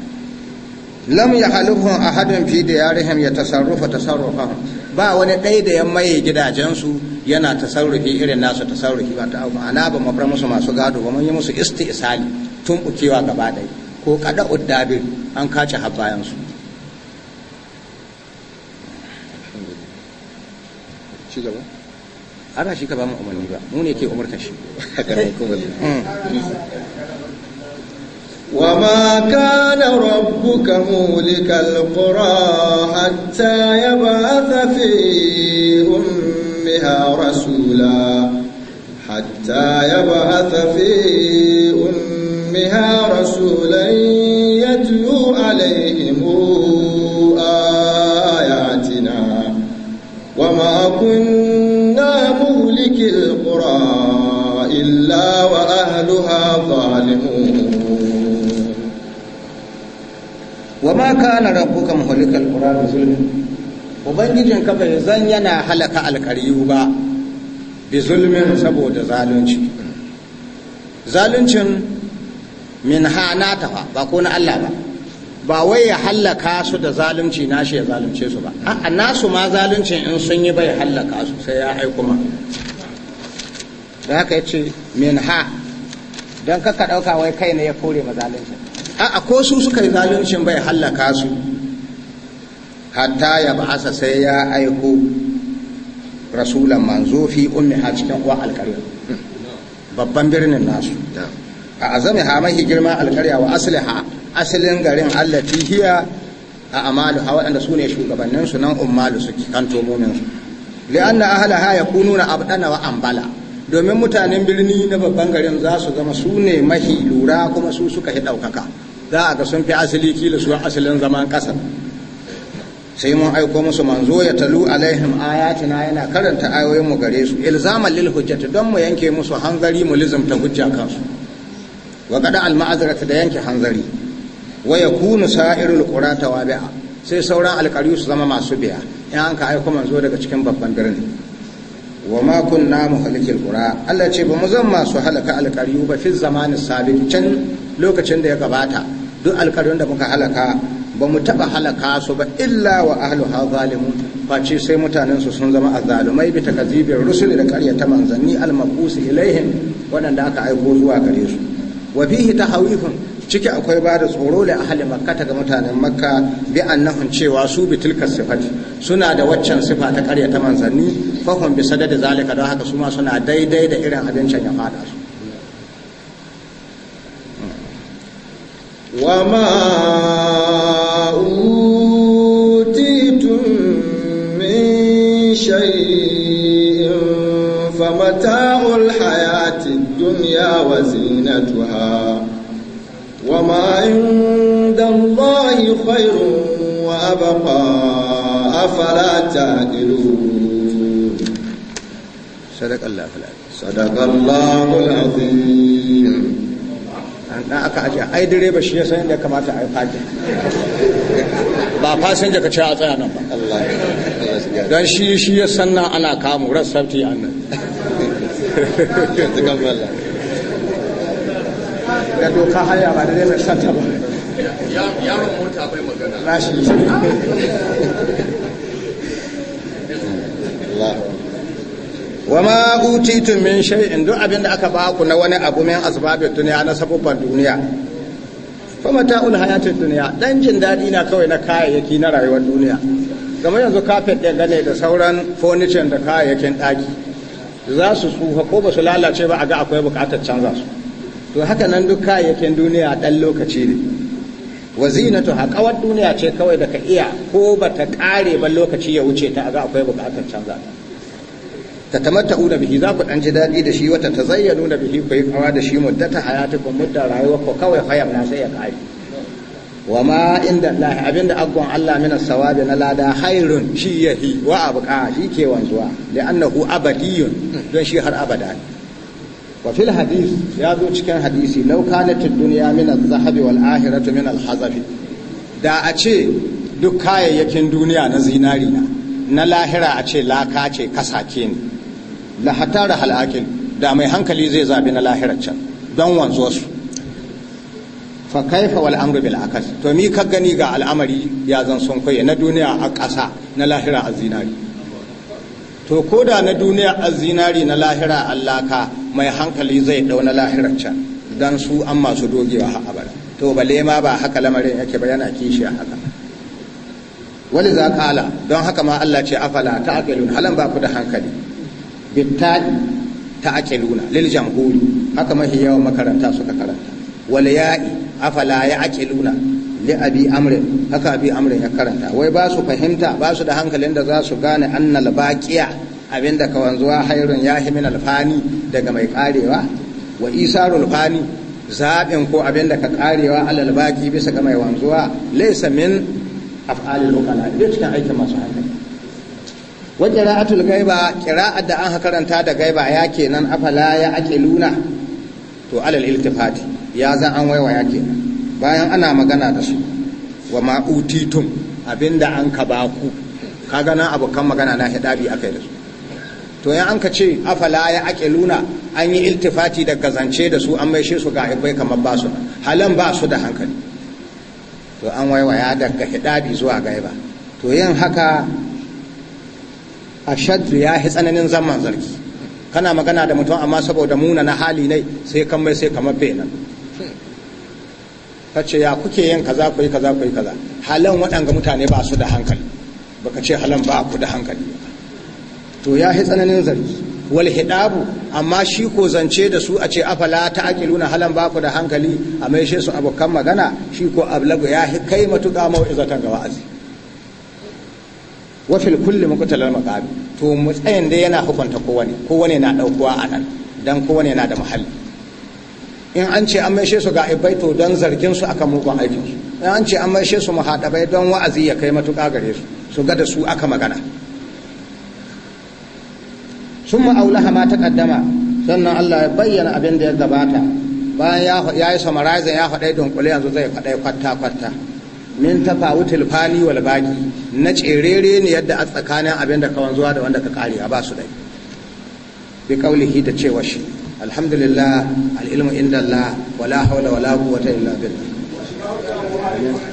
lam ya a ahadun fi da yarihim ya tasarrufa tasarrufa ba wani ɗaya da ya maye gidajensu yana tasarrufi irin nasu tasarrufi ba ta ma'ana ba mafar musu masu gado ba mun yi musu isti isali tumɓukewa gaba ɗaya ko kada uddabir an kace har bayansu ci gaba ana shi ka ba mu umarni ba mu ne ke umartar shi وما كان ربك مولك القرى حتى يبعث في أمها رسولا حتى يبعث في بها رسولا يتلو عليهم آياتنا وما كنا مهلك القرى إلا وأهلها ظالمون وما كان ربك مهلك القرى بظلم ubangijin ka bai zan yana halaka alkariyu ba bi zulmin saboda zalunci zaluncin min ha na tafa ba ko na Allah ba ba wai ya hallaka su da zalunci na shi ya zalunce su ba a nasu ma zalunci in sun yi bai hallaka su sai ya haiku ma da haka ya ce min ha don kaka ɗauka wai kai ne ya kore ma zalunci a ko su suka yi zaluncin bai hallaka su hatta ya ba'asa sai ya aiko rasulan manzo fi ummi a cikin uwa alkarin babban birnin nasu a azami ha mahi girma alkarya wa asliha asalin garin allati hiya a amalu ha waɗanda su ne shugabannin su nan ummalu su kan tomomin su ha ahlaha yakununa abdana wa ambala domin mutanen birni na babban garin za su zama su ne mahi lura kuma su suka yi ɗaukaka za a ga sun fi asali kila su asalin zaman kasar sai mun aiko musu manzo ya talu alaihim ayatina yana karanta ayoyin mu gare su ilzaman lil hujjati don mu yanke musu hanzari mu ta hujja kansu wa kada alma'azarata da yanke hanzari wa yakunu tawabi'a sai sauran alƙaryu su zama masu biya in an ka aiko manzo daga cikin babban birni wa ma kunna muhalikil qura Allah ce ba mu zan masu halaka alƙaryu ba fi zamanin sabiq can lokacin da ya gabata duk alƙaryun da muka halaka ba mu taɓa halaka su ba illa wa ahluha zalimun Bace sai mutanen su sun zama azzalumai bi takazibir rusuli da ta manzanni al-mabusi ilaihim waɗanda aka aiko zuwa gare su wa fihi tahawifun ciki akwai ba da tsoro li ahli makka ga mutanen makka bi annahum cewa su bi tilka sifati suna da waccan sifa ta ƙarya ta manzanni fahum bi sadad zalika don haka su ma suna daidai da irin abincin ya fada su وما أوتيتم من شيء فمتاع الحياة الدنيا وزينتها زينتها وما عند الله خير وأبقى أفلا تعدلون صدق الله فلان صدق الله العظيم na aka aje ai ba shi ya san inda kamata a yi faji ba fasinja ka ci a tsaya nan ba don shi shi ya san nan ana kamu rassafti nan. ga doka haya ba da zai wama min shay'in duk abinda aka ba ku na wani abu min asbabid duniya na sabubban duniya fa mata'ul hayatid duniya dan jin dadi na kawai na kayayyaki na rayuwar duniya kamar yanzu kafet ɗin gane da sauran furniture da kayayyakin ɗaki za su tsufa ko ba su lalace ba a ga akwai bukatar canza su to haka nan duk kayayyakin duniya ɗan lokaci ne wazinatu kawar duniya ce kawai da ka iya ko ba ta ƙare ba lokaci ya wuce ta ga akwai buƙatar canza ta tamatta da bihi za ku ɗan ji daɗi da shi wata ta zayyano da bihi ku yi kawa da shi muddata hayatukum muddar rayuwa ku kawai hayar na sai ya ƙare wa ma inda Allah abinda aggon Allah mina sawabi na lada hairun shi yahi wa abqa shi ke wanzuwa annahu abadiyun don shi har abada ne wa fil hadis ya zo cikin hadisi law kanat ad min az-zahabi wal akhiratu min al-hazafi da ace duk kayayyakin duniya na zinari na na lahira a ce laka ce kasake ne la hatara halakil da mai hankali zai zaɓi na lahirar can don wanzuwarsu fa kaifa wal amru bil akas to mi ka gani ga al'amari ya zan son koyi na duniya a ƙasa na lahira a zinari to ko da na duniya a zinari na lahira Allah ka mai hankali zai dau na lahirar can don su an masu dogewa har abada to bale ma ba haka lamarin yake ba yana kishi haka wani za kala don haka ma Allah ce afala ta aqilun halan ba ku da hankali Bittadi ta aqiluna lil jamhuri haka mahi yawon makaranta suka karanta wal ya'i afala ya aqiluna li abi amrin haka abi amrin ya karanta wai ba su fahimta ba su da hankalin da za su gane annal baqiya abinda ka wanzuwa hairun ya min alfani daga mai karewa wa isarul fani zaɓin ko abinda ka karewa alal baqi bisa ga mai wanzuwa laysa min af'alil uqala da cikin aikin masu hankali wajen qira'atul gaiba kira'ar da an karanta da gaiba ya kenan afala ya ake luna to alal iltifati ya za an waiwa ya kenan bayan ana magana da su wa ma'utitun abinda an ka baku ka gana abokan magana na hidabi aka yi da su to yan an ka ce afala ya ake luna an yi iltifati da gazance da su an maishe su ga haifai kamar ba su halan ba su da hankali to an waiwaya daga hidabi zuwa gaiba to yin haka a ya yi tsananin zaman zargi kana magana da mutum amma saboda muna na hali ne sai kamar sai kamar benan ka ce ya kuke yin kaza ku yi kaza ku kaza halan waɗanga mutane ba su da hankali baka ce halan ba ku da hankali to ya yi tsananin zargi wal hidabu amma shi ko zance da su a ce afala aqiluna halan ba ku da hankali a maishe su abokan magana shi ko ablagu ya yi kai matuƙa mau'izatan ga wa'azi wa fil kulli muqtalal maqabi to mutsayin da yana hukunta kowane kowane na daukuwa anan dan kowane na da muhalli in an ce an maishe su ga ibai to don zargin su aka mugun aikin in an ce an maishe su muhadabai don wa'azi ya kai matuƙa gare su su ga da su aka magana sun ma'aulaha hama ta kaddama sannan Allah ya bayyana abin da ya gabata bayan ya yi samarizin ya faɗai dunkule yanzu zai faɗai kwatta-kwatta min tafawutul fani wal baki na cerere ne yadda a tsakanin abin da kawan zuwa da wanda ka kare a ba su dai bi kaulihi da cewa shi alhamdulillah al'ilmu inda Allah wala haula wala quwwata illa billah